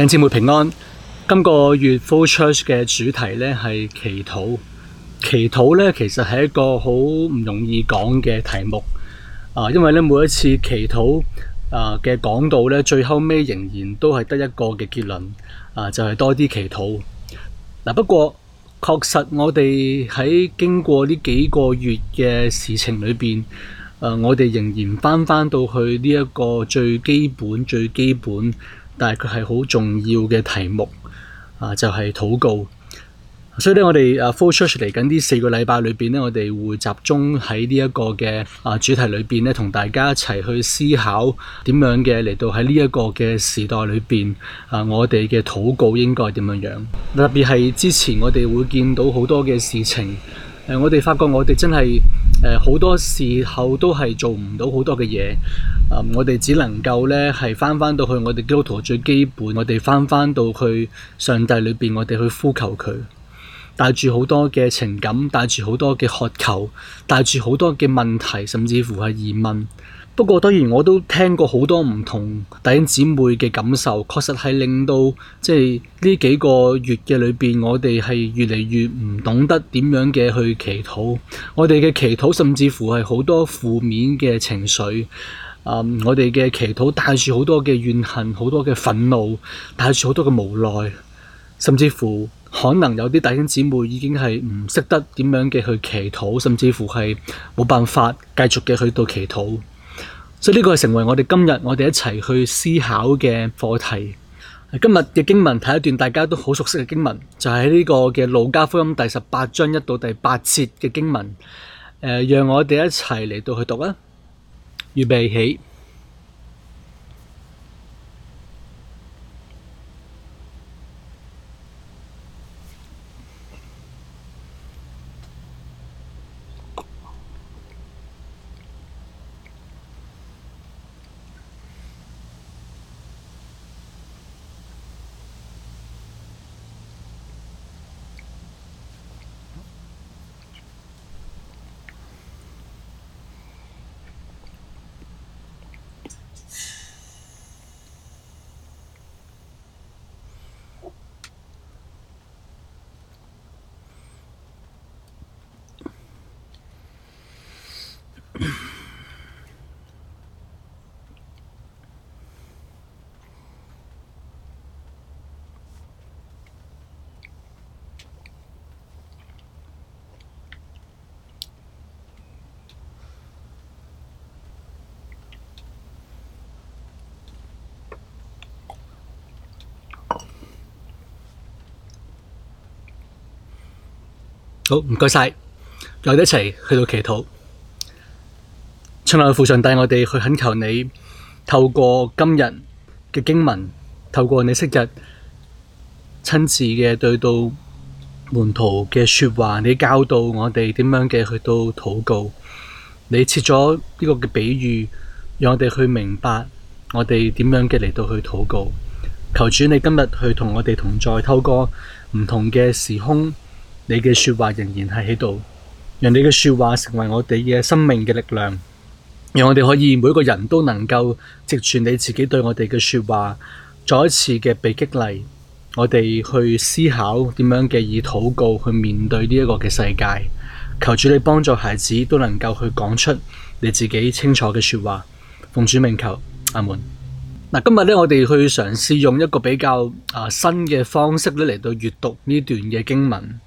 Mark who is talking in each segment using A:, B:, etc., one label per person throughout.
A: 聖姐妹平安。今個月 Flow Church 嘅主題呢係祈禱。祈禱呢其實係一個好唔容易講嘅題目。啊，因為呢每一次祈禱啊嘅講道呢，最後尾仍然都係得一個嘅結論啊，就係、是、多啲祈禱。嗱，不過確實我哋喺經過呢幾個月嘅事情裏邊、啊，我哋仍然翻翻到去呢一個最基本、最基本。但係佢係好重要嘅題目啊，就係禱告。所以咧，我哋啊，flow church 嚟緊呢四個禮拜裏邊咧，我哋會集中喺呢一個嘅啊主題裏邊咧，同大家一齊去思考點樣嘅嚟到喺呢一個嘅時代裏邊啊，我哋嘅禱告應該點樣樣？特別係之前我哋會見到好多嘅事情。誒，我哋發覺我哋真係呃、好多時候都係做唔到好多嘅嘢，嗯，我哋只能夠咧係翻翻到去我哋基督徒最基本，我哋翻翻到去上帝裏面，我哋去呼求佢，帶住好多嘅情感，帶住好多嘅渴求，帶住好多嘅問題，甚至乎係疑問。不過當然我都聽過好多唔同弟兄姊妹嘅感受，確實係令到即係呢幾個月嘅裏邊，我哋係越嚟越唔懂得點樣嘅去祈禱。我哋嘅祈禱甚至乎係好多負面嘅情緒，啊、嗯！我哋嘅祈禱帶住好多嘅怨恨，好多嘅憤怒，帶住好多嘅無奈，甚至乎可能有啲弟兄姊妹已經係唔識得點樣嘅去祈禱，甚至乎係冇辦法繼續嘅去到祈禱。所以呢個係成為我哋今日我哋一齊去思考嘅課題。今日嘅經文睇一段大家都好熟悉嘅經文，就係呢個嘅《路加福音》第十八章一到第八節嘅經文。誒，讓我哋一齊嚟到去讀啊！預備起。好，唔該晒，我哋一齊去到祈禱。親愛嘅父神帶我哋去懇求你，透過今日嘅經文，透過你昔日親自嘅對到門徒嘅說話，你教導我哋點樣嘅去到禱告。你設咗呢個嘅比喻，讓我哋去明白我哋點樣嘅嚟到去禱告。求主你今日去同我哋同在，透過唔同嘅時空。你嘅說話仍然係喺度，讓你嘅說話成為我哋嘅生命嘅力量，讓我哋可以每個人都能夠藉住你自己對我哋嘅說話，再一次嘅被激勵，我哋去思考點樣嘅以禱告去面對呢一個嘅世界。求主你幫助孩子都能夠去講出你自己清楚嘅說話，奉主名求阿門。嗱，今日呢，我哋去嘗試用一個比較啊新嘅方式咧嚟，到閱讀呢段嘅經文。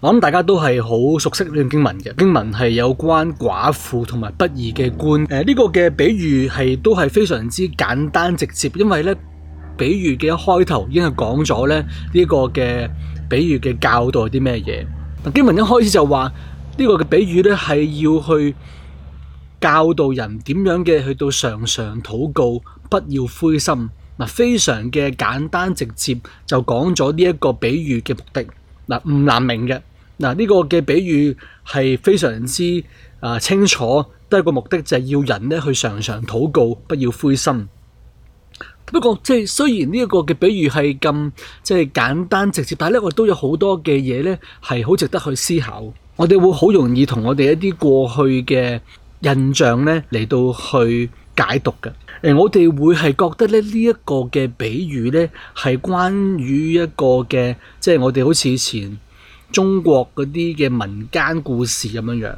A: 我諗大家都係好熟悉呢段經文嘅，經文係有關寡婦同埋不義嘅官。誒，呢個嘅比喻係都係非常之簡單直接，因為呢比喻嘅一開頭已經係講咗咧呢一個嘅比喻嘅教導係啲咩嘢。嗱，經文一開始就話呢個嘅比喻呢係要去教導人點樣嘅去到常常禱告，不要灰心。嗱，非常嘅簡單直接就講咗呢一個比喻嘅目的。嗱，唔難明嘅。嗱，呢個嘅比喻係非常之啊、呃、清楚，都係一個目的就係、是、要人呢去常常禱告，不要灰心。不過，即係雖然呢一個嘅比喻係咁即係簡單直接，但係呢我都有好多嘅嘢呢係好值得去思考。我哋會好容易同我哋一啲過去嘅印象呢嚟到去解讀嘅。誒、呃，我哋會係覺得咧呢一、這個嘅比喻呢係關於一個嘅，即係我哋好似以前。中國嗰啲嘅民間故事咁樣樣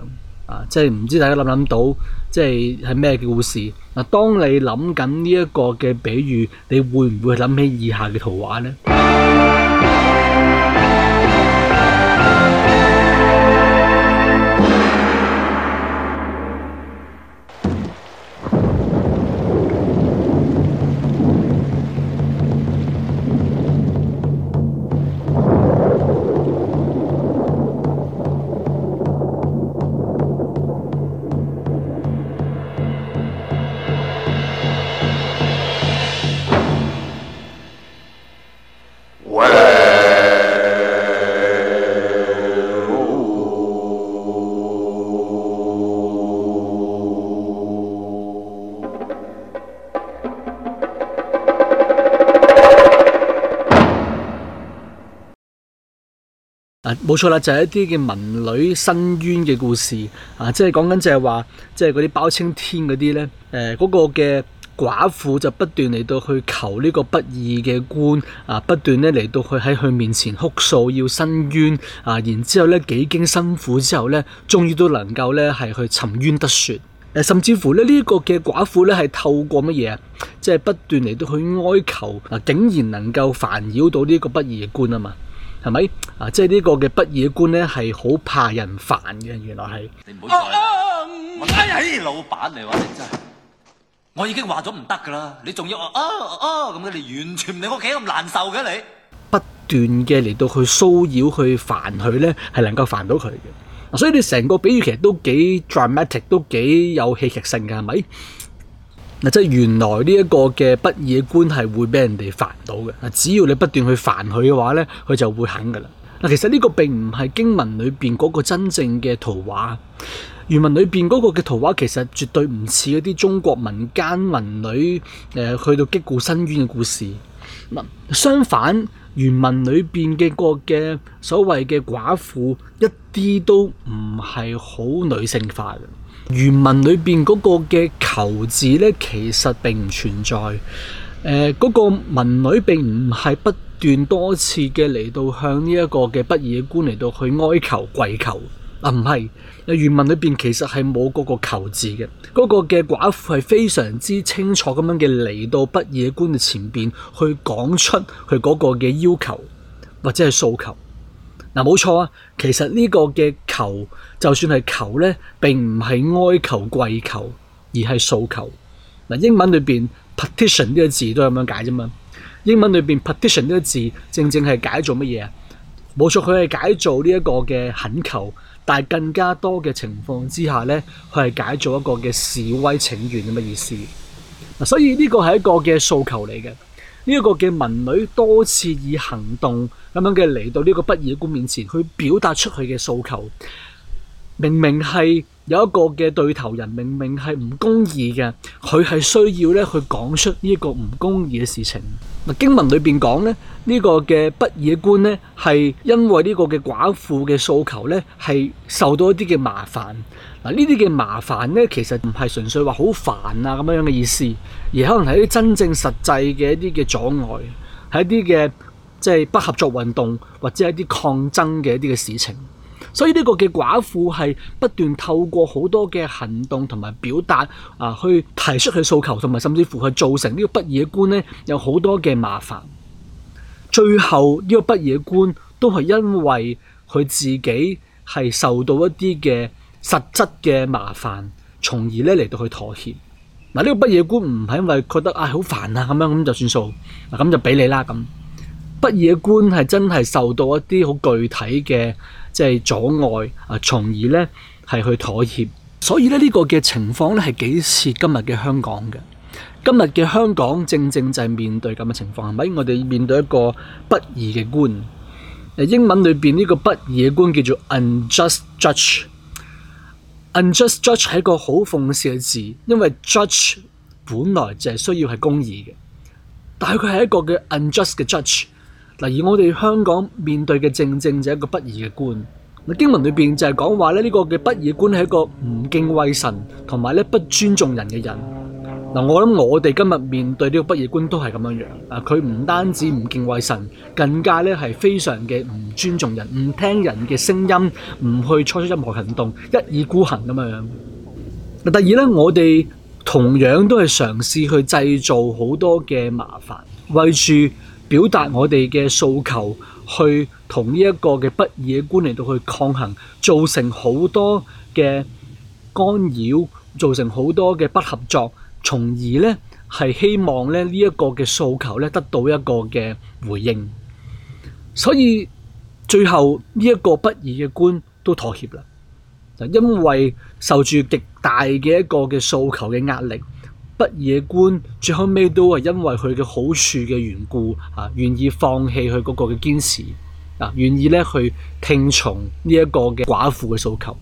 A: 啊，啊，即係唔知大家諗唔諗到，即係係咩嘅故事？嗱，啊，當你諗緊呢一個嘅比喻，你會唔會諗起以下嘅圖畫呢？冇、啊、錯啦，就係、是、一啲嘅民女申冤嘅故事啊，即係講緊就係話，即係嗰啲包青天嗰啲咧，誒、呃，嗰、那個嘅寡婦就不斷嚟到去求呢個不義嘅官啊，不斷咧嚟到去喺佢面前哭訴要申冤啊，然之後咧幾經辛苦之後咧，終於都能夠咧係去沉冤得雪。誒、啊，甚至乎咧呢一、這個嘅寡婦咧係透過乜嘢，即、就、係、是、不斷嚟到去哀求，嗱、啊，竟然能夠煩擾到呢個不義嘅官啊嘛。係咪啊？即係呢個嘅不義官咧，係好怕人煩嘅。原來係
B: 你唔好煩。哎老闆嚟話你真係，
A: 我已經話咗唔得噶啦，你仲要哦哦咁你完全你屋企咁難受嘅你，不斷嘅嚟到他騷擾他去騷擾去煩佢咧，係能夠煩到佢嘅。所以你成個比喻其實都幾 dramatic，都幾有戲劇性嘅，係咪？即係原來呢一個嘅不義嘅官係會俾人哋煩到嘅。只要你不斷去煩佢嘅話咧，佢就會肯㗎喇。嗱，其實呢個並唔係經文裏邊嗰個真正嘅圖畫，原文裏邊嗰個嘅圖畫其實絕對唔似嗰啲中國民間民女誒、呃、去到擊鼓伸冤嘅故事。相反，原文裏邊嘅個嘅所謂嘅寡婦一啲都唔係好女性化嘅。原文裏邊嗰個嘅求字呢，其實並唔存在。誒、呃，嗰、那個文女並唔係不斷多次嘅嚟到向呢一個嘅不義官嚟到去哀求、跪求啊，唔係。原文裏邊其實係冇嗰個求字嘅。嗰、那個嘅寡婦係非常之清楚咁樣嘅嚟到不義官嘅前邊去講出佢嗰個嘅要求或者係訴求。嗱冇錯啊，其實呢個嘅求就算係求呢，並唔係哀求、跪求，而係訴求。嗱英文裏邊 petition 呢個字都咁樣解啫嘛。英文裏邊 petition 呢個字正正係解做乜嘢啊？冇錯，佢係解做呢一個嘅懇求，但係更加多嘅情況之下呢，佢係解做一個嘅示威請願咁嘅意思。嗱，所以呢個係一個嘅訴求嚟嘅。呢、一個嘅民女多次以行動咁樣嘅嚟到呢個不義官面前，去表達出佢嘅訴求。明明係有一個嘅對頭人，明明係唔公義嘅，佢係需要咧去講出呢一個唔公義嘅事情。嗱經文裏邊講咧，呢個嘅不義官呢係因為呢個嘅寡婦嘅訴求呢係受到一啲嘅麻煩。嗱呢啲嘅麻煩呢其實唔係純粹話好煩啊咁樣嘅意思。而可能係一啲真正實際嘅一啲嘅阻礙，係一啲嘅即係不合作運動，或者係一啲抗爭嘅一啲嘅事情。所以呢個嘅寡婦係不斷透過好多嘅行動同埋表達啊，去提出佢嘅訴求，同埋甚至乎去造成呢個不義官呢有好多嘅麻煩。最後呢個不義官都係因為佢自己係受到一啲嘅實質嘅麻煩，從而呢嚟到去妥協。嗱、這、呢個不義官唔係因為覺得、哎、煩啊好煩啊咁樣咁就算數，嗱咁就俾你啦咁。不義官係真係受到一啲好具體嘅即係阻礙啊，從而呢係去妥協。所以呢，呢個嘅情況呢係幾似今日嘅香港嘅。今日嘅香港正正就係面對咁嘅情況，係咪？我哋面對一個不義嘅官。英文裏邊呢個不義嘅官叫做 unjust judge。Unjust judge 係一個好諷刺嘅字，因為 judge 本來就係需要係公義嘅，但係佢係一個嘅 unjust 嘅 judge。例如我哋香港面對嘅正正就係一個不義嘅官。經文裏面就係講話咧，呢個嘅不義官係一個唔敬畏神同埋咧不尊重人嘅人。嗱，我諗我哋今日面對呢個不義官都係咁樣樣。啊，佢唔單止唔敬畏神，更加咧係非常嘅唔尊重人，唔聽人嘅聲音，唔去採取任何行動，一意孤行咁樣樣。嗱，第二咧，我哋同樣都係嘗試去製造好多嘅麻煩，為住表達我哋嘅訴求，去同呢一個嘅不義官嚟到去抗衡，造成好多嘅干擾，造成好多嘅不合作。從而呢，係希望咧呢一個嘅訴求咧得到一個嘅回應。所以最後呢一個不義嘅官都妥協啦，因為受住極大嘅一個嘅訴求嘅壓力，不義嘅官最後尾都係因為佢嘅好處嘅緣故啊，願意放棄佢嗰個嘅堅持啊，願意呢去聽從呢一個嘅寡婦嘅訴求。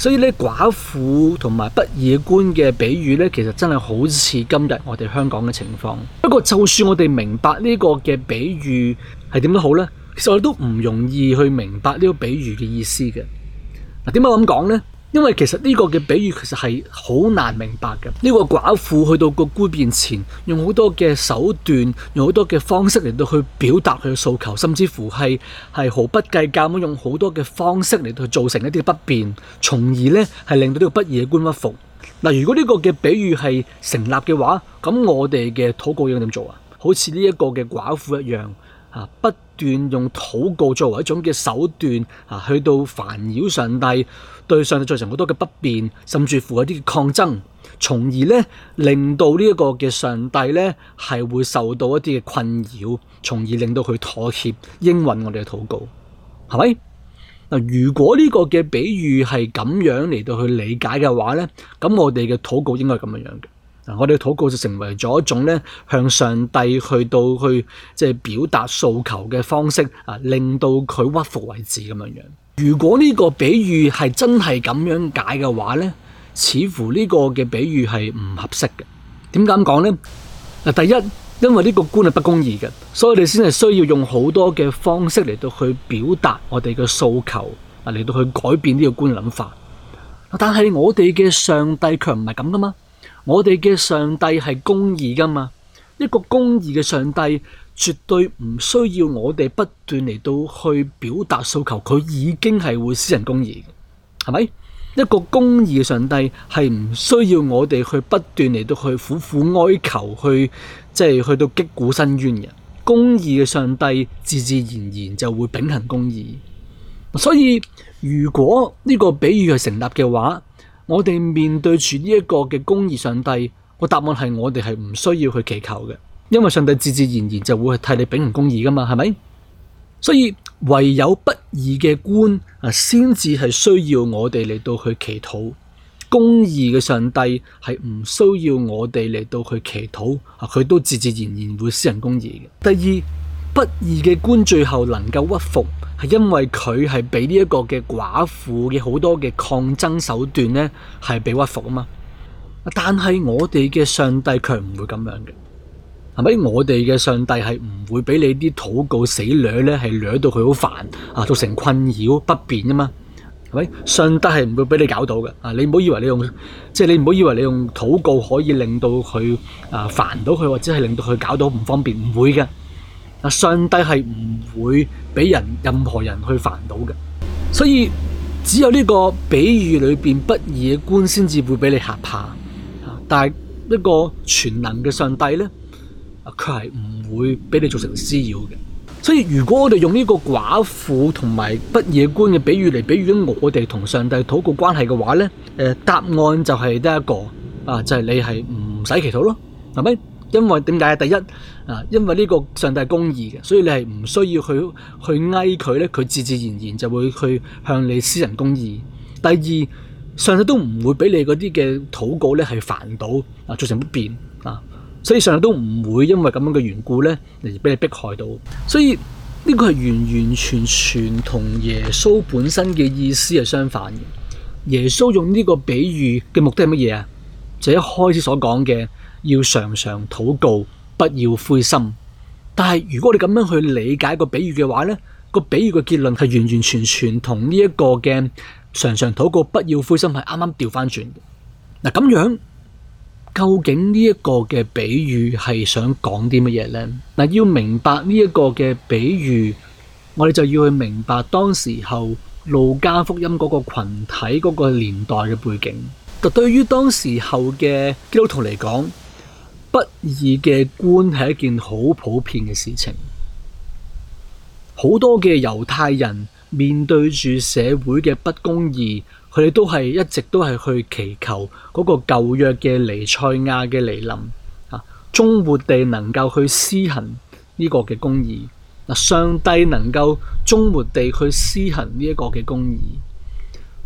A: 所以呢，寡婦同埋不義官嘅比喻呢，其實真係好似今日我哋香港嘅情況。不過就算我哋明白呢個嘅比喻係點都好呢，其實我哋都唔容易去明白呢個比喻嘅意思嘅。嗱，點解咁講呢？因為其實呢個嘅比喻其實係好難明白嘅。呢、這個寡婦去到個官面前，用好多嘅手段，用好多嘅方式嚟到去表達佢嘅訴求，甚至乎係係毫不計較咁用好多嘅方式嚟到去造成一啲不便，從而呢係令到呢個不義官屈服。嗱，如果呢個嘅比喻係成立嘅話，咁我哋嘅禱告要點做啊？好似呢一個嘅寡婦一樣，啊，不斷用禱告作為一種嘅手段啊，去到煩擾上帝。對上帝造成好多嘅不便，甚至乎有啲抗爭，從而咧令到呢一個嘅上帝咧係會受到一啲嘅困擾，從而令到佢妥協，應允我哋嘅禱告，係咪？嗱，如果呢個嘅比喻係咁樣嚟到去理解嘅話咧，咁我哋嘅禱告應該係咁樣樣嘅。嗱，我哋嘅禱告就成為咗一種咧向上帝去到去即係表達訴求嘅方式，啊，令到佢屈服為止咁樣樣。如果呢個比喻係真係咁樣解嘅話呢，似乎呢個嘅比喻係唔合適嘅。點解咁講呢？第一，因為呢個官係不公義嘅，所以我哋先係需要用好多嘅方式嚟到去表達我哋嘅訴求，嚟到去改變呢個官諗法。但係我哋嘅上帝卻唔係咁噶嘛，我哋嘅上帝係公義噶嘛，一個公義嘅上帝。絕對唔需要我哋不斷嚟到去表達訴求，佢已經係會私人公義的，係咪？一個公義嘅上帝係唔需要我哋去不斷嚟到去苦苦哀求，去即係去到擊鼓伸冤嘅公義嘅上帝，自自然然就會秉行公義。所以如果呢個比喻係成立嘅話，我哋面對住呢一個嘅公義上帝，個答案係我哋係唔需要去祈求嘅。因為上帝自自然然就會係替你秉行公義噶嘛，係咪？所以唯有不義嘅官啊，先至係需要我哋嚟到去祈禱。公義嘅上帝係唔需要我哋嚟到去祈禱啊，佢都自自然然會施行公義嘅。第二，不義嘅官最後能夠屈服，係因為佢係俾呢一個嘅寡婦嘅好多嘅抗爭手段呢係被屈服啊嘛。但係我哋嘅上帝卻唔會咁樣嘅。我哋嘅上帝係唔會俾你啲禱告死掠，呢係掠到佢好煩啊，造成困擾不便啊嘛？係咪？上帝係唔會俾你搞到嘅啊！你唔好以為你用，即係你唔好以為你用禱告可以令到佢啊煩到佢，或者係令到佢搞到唔方便，唔會嘅。啊，上帝係唔會俾人任何人去煩到嘅。所以只有呢個比喻裏邊不義嘅官先至會俾你吓怕！但係一個全能嘅上帝呢。佢係唔會俾你造成滋擾嘅，所以如果我哋用呢個寡婦同埋不義官嘅比喻嚟比喻我哋同上帝禱告關係嘅話呢，答案就係得一個啊，就係你係唔使祈禱咯，係咪？因為點解？第一啊，因為呢個上帝係公義嘅，所以你係唔需要去去哀佢呢，佢自自然然就會去向你私人公義。第二，上帝都唔會俾你嗰啲嘅禱告呢係煩到啊，造成不便。所以上帝都唔會因為這樣嘅緣故呢，嚟俾你逼害到。所以呢、這個是完完全全同耶穌本身嘅意思係相反的。耶穌用呢個比喻嘅目的是乜嘢？就是、一開始所講嘅，要常常禱告，不要灰心。但係如果你這樣去理解個比喻嘅話呢、那個比喻嘅結論是完完全全同呢一個嘅常常禱告、不要灰心是啱啱調翻轉嘅。嗱咁樣。究竟呢一個嘅比喻係想講啲乜嘢呢？嗱，要明白呢一個嘅比喻，我哋就要去明白當時候路加福音嗰、嗰個群體嗰個年代嘅背景。嗱，對於當時候嘅基督徒嚟講，不義嘅官係一件好普遍嘅事情。好多嘅猶太人面對住社會嘅不公義。佢哋都係一直都係去祈求嗰個舊約嘅彌賽亞嘅嚟臨啊，終末地能夠去施行呢個嘅公義，上帝能夠終末地去施行呢一個嘅公義，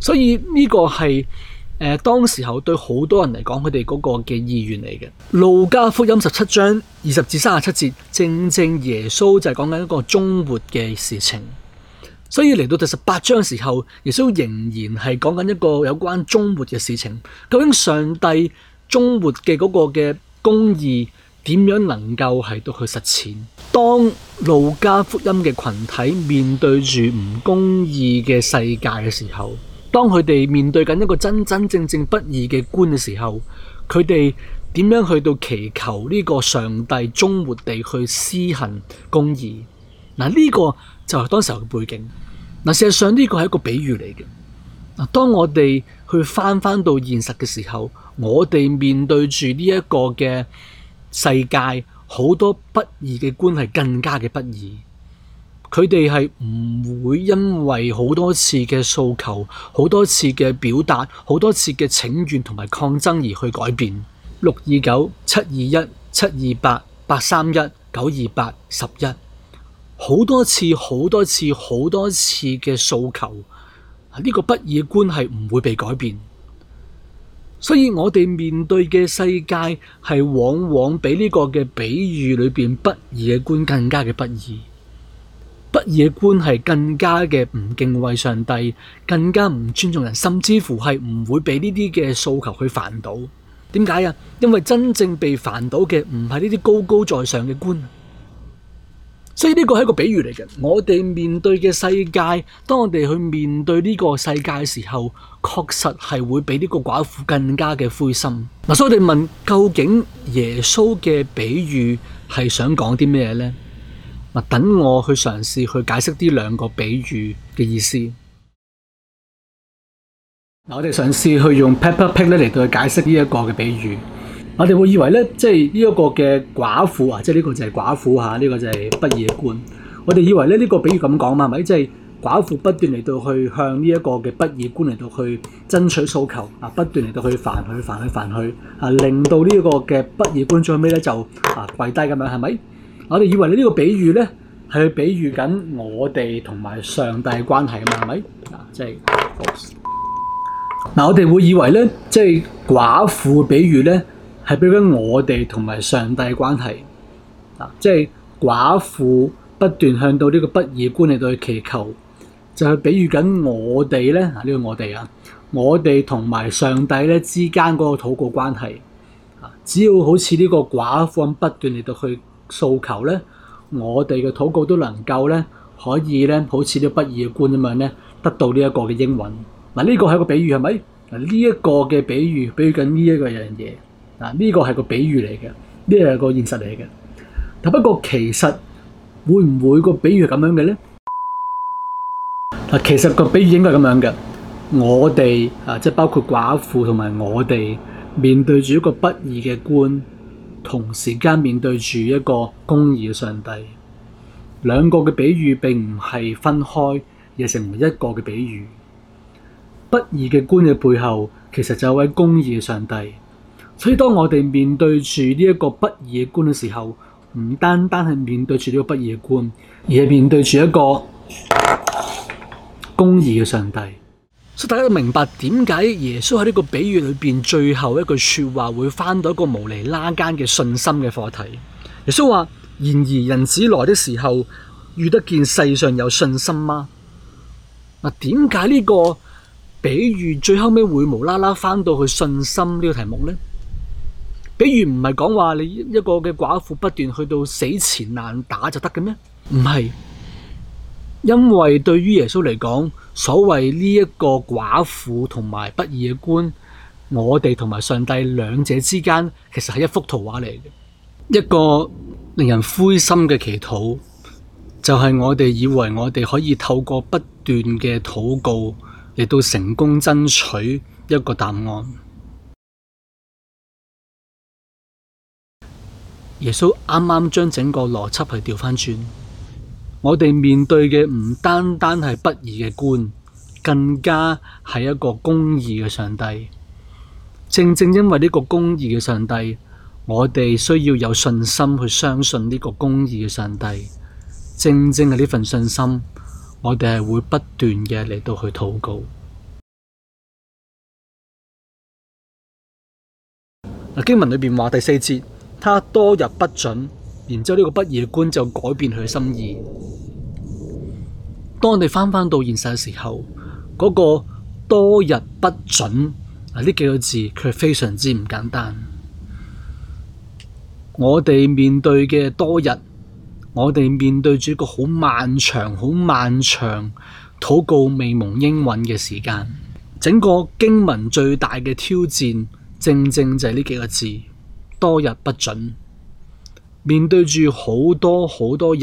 A: 所以呢、呢個係誒、呃、當時候對好多人嚟講，佢哋嗰個嘅意願嚟嘅。路加福音十七章二十至三十七節，正正耶穌就係講緊一個終末嘅事情。所以嚟到第十八章嘅時候，耶穌仍然係講緊一個有關終末嘅事情。究竟上帝終末嘅嗰個嘅公義點樣能夠係到去實踐？當路加福音嘅群體面對住唔公義嘅世界嘅時候，當佢哋面對緊一個真真正正不義嘅官嘅時候，佢哋點樣去到祈求呢個上帝終末地去施行公義？嗱，呢個就係當時候嘅背景。嗱，事實上呢個係一個比喻嚟嘅。嗱，當我哋去返返到現實嘅時候，我哋面對住呢一個嘅世界，好多不義嘅關係更加嘅不義。佢哋係唔會因為好多次嘅訴求、好多次嘅表達、好多次嘅請願同埋抗爭而去改變。六二九、七二一、七二八、八三一、九二八、十一。好多次、好多次、好多次嘅訴求，呢個不義嘅官係唔會被改變。所以我哋面對嘅世界係往往比呢個嘅比喻裏邊不義嘅官更加嘅不義。不義嘅官係更加嘅唔敬畏上帝，更加唔尊重人，甚至乎係唔會俾呢啲嘅訴求去煩到。點解啊？因為真正被煩到嘅唔係呢啲高高在上嘅官。所以呢個係一個比喻嚟嘅。我哋面對嘅世界，當我哋去面對呢個世界嘅時候，確實係會比呢個寡婦更加嘅灰心，啊。所以我哋問究竟耶穌嘅比喻係想講啲咩呢、啊？等我去嘗試去解釋呢兩個比喻嘅意思。我哋嘗試去用 Peppa Pig 咧嚟對佢解釋呢一個嘅比喻。我哋會以為咧，即係呢一個嘅寡婦啊，即係呢個就係寡婦嚇，呢個就係不義官。我哋以為咧，呢個比喻咁講嘛，係咪？即係寡婦不斷嚟到去向呢一個嘅不義官嚟到去爭取訴求啊，不斷嚟到去煩去煩去煩去啊，令到呢一個嘅不義官最尾咧就啊跪低咁樣係咪？我哋以為咧呢個比喻咧係去比喻緊我哋同埋上帝嘅關係啊嘛，係咪？啊，即係嗱， 我哋會以為咧，即係寡婦比喻咧。係比喻緊我哋同埋上帝嘅關係，啊，即係寡婦不斷向到呢個不義官嚟到去祈求，就係比喻緊我哋咧，呢、啊這個我哋啊，我哋同埋上帝咧之間嗰個禱告關係，啊，只要好似呢個寡婦咁不斷嚟到去訴求咧，我哋嘅禱告都能夠咧，可以咧好似呢個不義官咁樣咧，得到呢一個嘅應允。嗱、啊、呢、這個係個比喻係咪？嗱呢一個嘅比喻，比喻緊呢一個樣嘢。嗱，啊，呢個係個比喻嚟嘅，呢個係個現實嚟嘅。但不過其實會唔會個比喻係咁樣嘅咧？嗱，啊，其實個比喻應該係咁樣嘅。我哋啊，即係包括寡婦同埋我哋，面對住一個不義嘅官，同時間面對住一個公義嘅上帝。兩個嘅比喻並唔係分開，而成為一個嘅比喻。不義嘅官嘅背後，其實就係一位公義嘅上帝。所以，當我哋面對住呢一個不義嘅官嘅時候，唔單單係面對住呢個不義嘅官，而係面對住一個公義嘅上帝。所以大家都明白點解耶穌喺呢個比喻裏邊最後一句說話會翻到一個無厘拉間嘅信心嘅課題。耶穌話：然而人子來的時候，遇得見世上有信心嗎？嗱，點解呢個比喻最後尾會無啦啦翻到去信心呢個題目呢？」比如唔係講話你一個嘅寡婦不斷去到死纏爛打就得嘅咩？唔係，因為對於耶穌嚟講，所謂呢一個寡婦同埋不義嘅官，我哋同埋上帝兩者之間，其實係一幅圖畫嚟嘅。一個令人灰心嘅祈禱，就係、是、我哋以為我哋可以透過不斷嘅禱告嚟到成功爭取一個答案。耶穌啱啱將整個邏輯去調翻轉，我哋面對嘅唔單單係不義嘅官，更加係一個公義嘅上帝。正正因為呢個公義嘅上帝，我哋需要有信心去相信呢個公義嘅上帝。正正係呢份信心，我哋係會不斷嘅嚟到去禱告。經文裏邊話第四節。他多日不准，然之後呢個不義官就改變佢心意。當我哋翻返到現實嘅時候，嗰個多日不准啊呢幾個字，佢非常之唔簡單。我哋面對嘅多日，我哋面對住一個好漫長、好漫長、禱告未蒙應允嘅時間。整個經文最大嘅挑戰，正正就係呢幾個字。多日不准，面對住好多好多日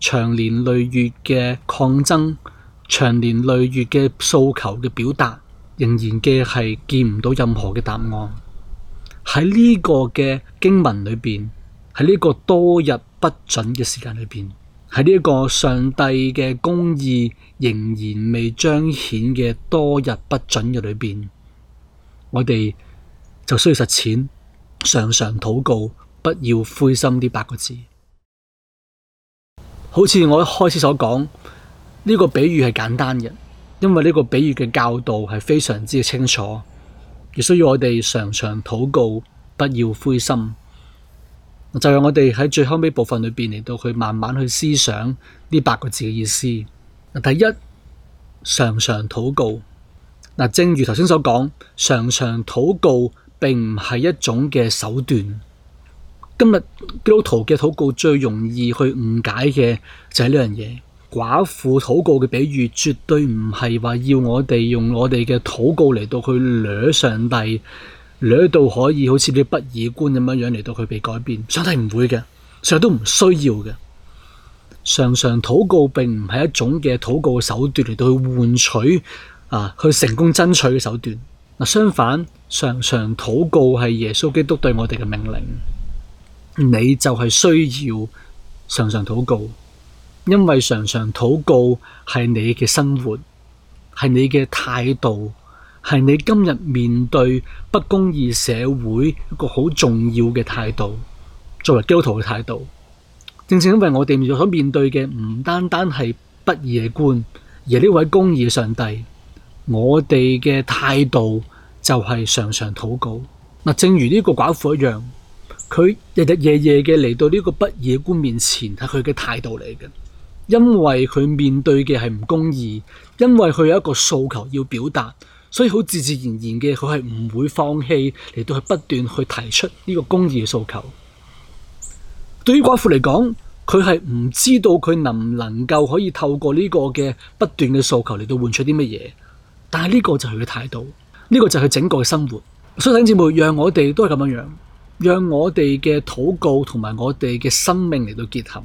A: 長年累月嘅抗爭，長年累月嘅訴求嘅表達，仍然嘅係見唔到任何嘅答案。喺呢個嘅經文裏邊，喺呢個多日不准嘅時間裏邊，喺呢個上帝嘅公義仍然未彰顯嘅多日不准嘅裏邊，我哋就需要實踐。常常禱告，不要灰心。呢八個字，好似我一開始所講，呢個比喻係簡單嘅，因為呢個比喻嘅教導係非常之清楚，而需要我哋常常禱告，不要灰心。就讓我哋喺最後尾部分裏邊嚟到去慢慢去思想呢八個字嘅意思。第一，常常禱告。嗱，正如頭先所講，常常禱告，並唔係一種嘅手段。今日基督徒嘅禱告最容易去誤解嘅就係呢樣嘢。寡婦禱告嘅比喻絕對唔係話要我哋用我哋嘅禱告嚟到去掠上帝，掠到可以好似啲不義官咁樣樣嚟到去被改變。上帝唔會嘅，上帝都唔需要嘅。常常禱告並唔係一種嘅禱告嘅手段嚟到去換取啊，去成功爭取嘅手段。相反，常常禱告係耶穌基督對我哋嘅命令，你就係需要常常禱告，因為常常禱告係你嘅生活，係你嘅態度，係你今日面對不公義社會一個好重要嘅態度，作為基督徒嘅態度。正正因為我哋所面對嘅唔單單係不義嘅官，而呢位公義上帝。我哋嘅態度就係常常禱告。嗱，正如呢個寡婦一樣，佢日日夜夜嘅嚟到呢個不義官面前，係佢嘅態度嚟嘅。因為佢面對嘅係唔公義，因為佢有一個訴求要表達，所以好自自然然嘅，佢係唔會放棄嚟到去不斷去提出呢個公義嘅訴求。對於寡婦嚟講，佢係唔知道佢能唔能夠可以透過呢個嘅不斷嘅訴求嚟到換出啲乜嘢。但係呢個就係佢嘅態度，呢、這個就係佢整個嘅生活。所以弟兄姊妹，讓我哋都係咁樣樣，讓我哋嘅禱告同埋我哋嘅生命嚟到結合。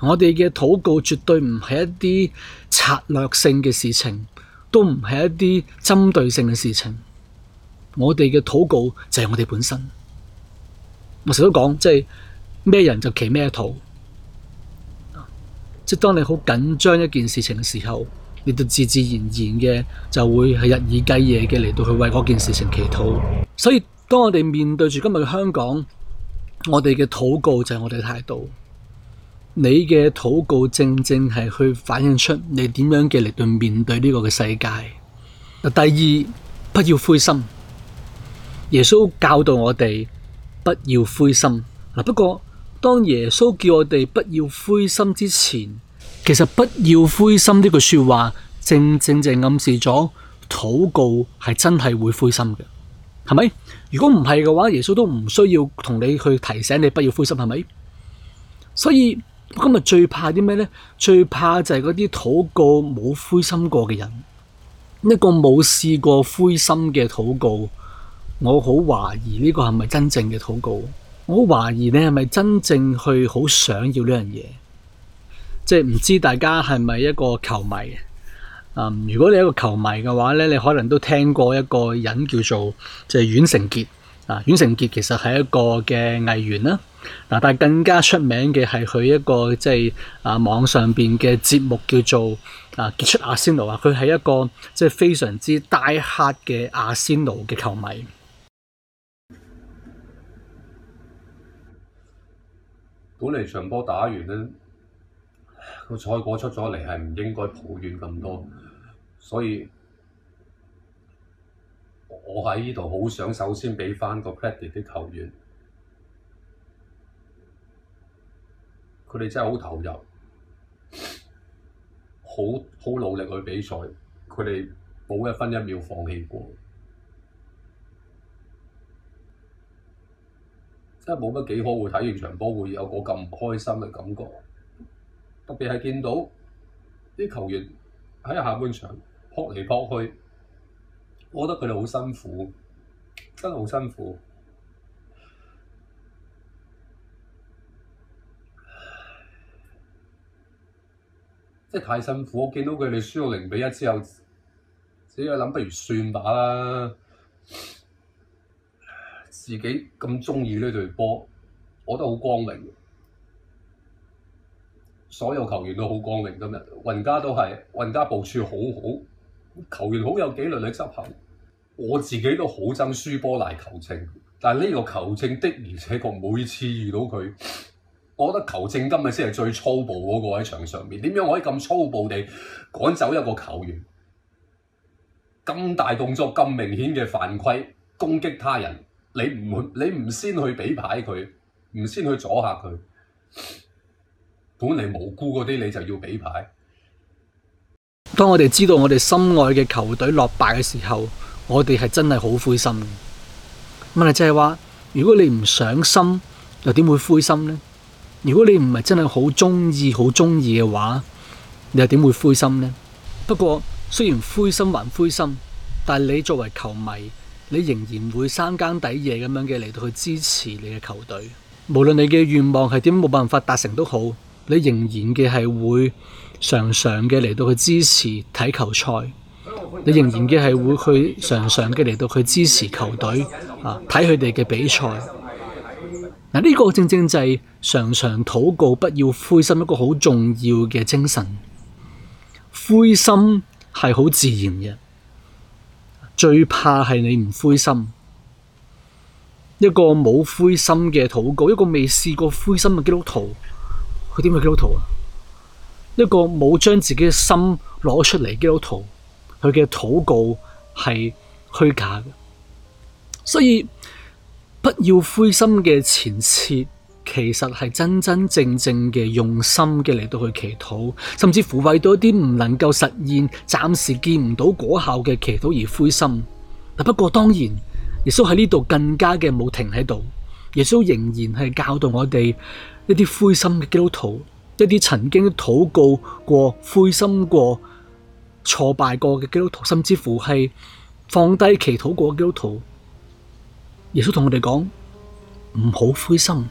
A: 我哋嘅禱告絕對唔係一啲策略性嘅事情，都唔係一啲針對性嘅事情。我哋嘅禱告就係我哋本身。我成日都講，即係咩人就企咩套。即係當你好緊張一件事情嘅時候。你都自自然然嘅，就會係日以繼夜嘅嚟到去為嗰件事情祈禱。所以當我哋面對住今日嘅香港，我哋嘅禱告就係我哋嘅態度。你嘅禱告正正係去反映出你點樣嘅嚟到面對呢個嘅世界。第二，不要灰心。耶穌教導我哋不要灰心。嗱，不過當耶穌叫我哋不要灰心之前，其實不要灰心呢句說話，正正正暗示咗禱告係真係會灰心嘅，係咪？如果唔係嘅話，耶穌都唔需要同你去提醒你不要灰心，係咪？所以今日最怕啲咩咧？最怕就係嗰啲禱告冇灰心過嘅人，一個冇試過灰心嘅禱告，我好懷疑呢個係咪真正嘅禱告？我好懷疑你係咪真正去好想要呢樣嘢？即係唔知大家係咪一個球迷？嗯，如果你一個球迷嘅話咧，你可能都聽過一個人叫做即係阮成杰啊。阮成杰其實係一個嘅藝員啦。嗱、啊，但係更加出名嘅係佢一個即、就、係、是、啊網上邊嘅節目叫做啊傑出阿仙奴啊。佢係、啊、一個即係非常之呆黑嘅阿仙奴嘅球迷。
B: 本嚟場波打完啦。個賽果出咗嚟係唔應該抱怨咁多，所以我喺呢度好想首先畀翻個 credit 啲球員，佢哋真係好投入，好好努力去比賽，佢哋冇一分一秒放棄過，真係冇乜幾可能會睇完場波會有個咁唔開心嘅感覺。特別係見到啲球員喺下半場撲嚟撲去，我覺得佢哋好辛苦，真係好辛苦，即 係太辛苦。我見到佢哋輸到零比一之後，自己諗不如算吧啦，自己咁鍾意呢隊波，我覺得好光榮。所有球員都好光榮今日，運家都係運家部署好好，球員好有紀律去執行。我自己都好憎輸波賴球證，但係呢個球證的而且確每次遇到佢，我覺得球證今日先係最粗暴嗰個喺場上面。點樣可以咁粗暴地趕走一個球員？咁大動作、咁明顯嘅犯規、攻擊他人，你唔會，你唔先去俾牌佢，唔先去阻嚇佢。本嚟無辜嗰啲，你就要俾牌。
A: 當我哋知道我哋心愛嘅球隊落敗嘅時候，我哋係真係好灰心。問題就係話，如果你唔上心，又點會灰心呢？如果你唔係真係好中意、好中意嘅話，你又點會灰心呢？不過雖然灰心還灰心，但係你作為球迷，你仍然會三更底夜咁樣嘅嚟到去支持你嘅球隊。無論你嘅願望係點，冇辦法達成都好。你仍然嘅係會常常嘅嚟到去支持睇球賽，你仍然嘅係會去常常嘅嚟到去支持球隊啊睇佢哋嘅比賽。嗱呢個正正就係常常禱告不要灰心一個好重要嘅精神。灰心係好自然嘅，最怕係你唔灰心。一個冇灰心嘅禱告，一個未試過灰心嘅基督徒。佢點會基督徒啊？一個冇將自己嘅心攞出嚟，基督徒佢嘅禱告係虛假嘅。所以不要灰心嘅前設，其實係真真正正嘅用心嘅嚟到去祈禱，甚至乎為到一啲唔能夠實現、暫時見唔到果效嘅祈禱而灰心。不過當然，耶穌喺呢度更加嘅冇停喺度。耶穌仍然係教導我哋一啲灰心嘅基督徒，一啲曾經禱告過、灰心過、挫敗過嘅基督徒，甚至乎係放低祈禱過嘅基督徒。耶穌同我哋講：唔好灰心，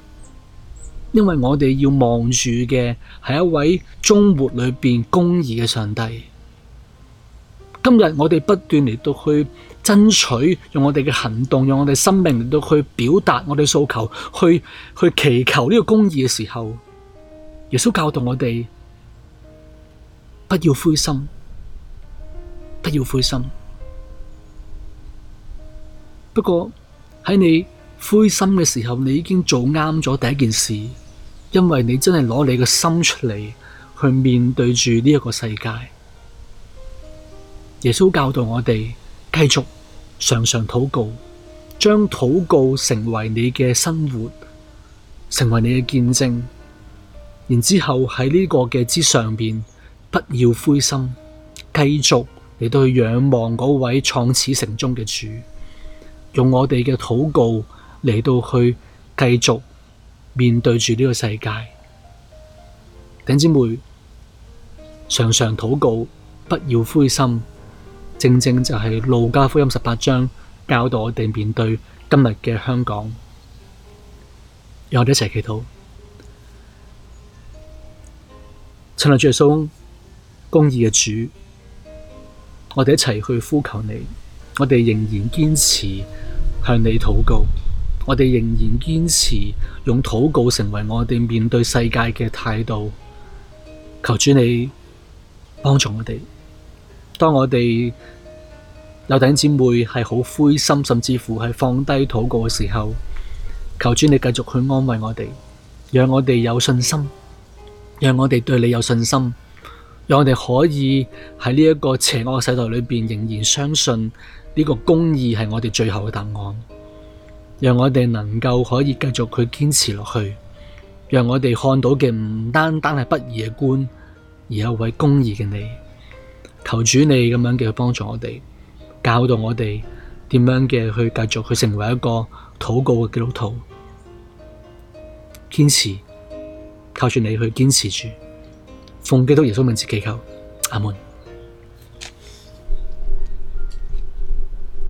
A: 因為我哋要望住嘅係一位忠活裏邊公義嘅上帝。今日我哋不斷嚟到去。爭取用我哋嘅行動，用我哋生命嚟到去表達我哋訴求，去去祈求呢個公義嘅時候，耶穌教導我哋不要灰心，不要灰心。不過喺你灰心嘅時候，你已經做啱咗第一件事，因為你真係攞你嘅心出嚟去面對住呢一個世界。耶穌教導我哋。繼續常常禱告，將禱告成為你嘅生活，成為你嘅見證。然之後喺呢個嘅之上邊，不要灰心，繼續嚟到去仰望嗰位創始成終嘅主，用我哋嘅禱告嚟到去繼續面對住呢個世界。頂姊妹，常常禱告，不要灰心。正正就係路加福音十八章教導我哋面對今日嘅香港，讓我哋一齊祈禱。親愛的耶穌，公義嘅主，我哋一齊去呼求你。我哋仍然堅持向你禱告，我哋仍然堅持用禱告成為我哋面對世界嘅態度。求主你幫助我哋。當我哋有頂姊妹係好灰心，甚至乎係放低禱告嘅時候，求主你繼續去安慰我哋，讓我哋有信心，讓我哋對你有信心，讓我哋可以喺呢一個邪惡嘅世代裏邊，仍然相信呢個公義係我哋最後嘅答案，讓我哋能夠可以繼續去堅持落去，讓我哋看到嘅唔單單係不義嘅官，而係一位公義嘅你。求主你咁樣嘅去幫助我哋，教導我哋點樣嘅去繼續去成為一個禱告嘅基督徒，堅持，靠住你去堅持住，奉基督耶穌名字祈求，阿門。